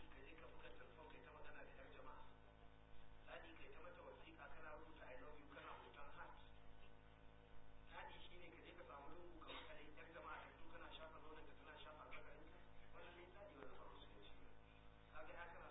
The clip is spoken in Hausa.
tsani ka je ka buga telefon kai ta magana da yar jama'a kai ta mata wasiƙa kana rubuta i love you kana hoton heart tsani shine ka je ka samu lungu ka makale yar jama'a ta kana shafa nonon ka tana shafa albarkarin ka wannan ne tsani wannan ba musulunci kaga ya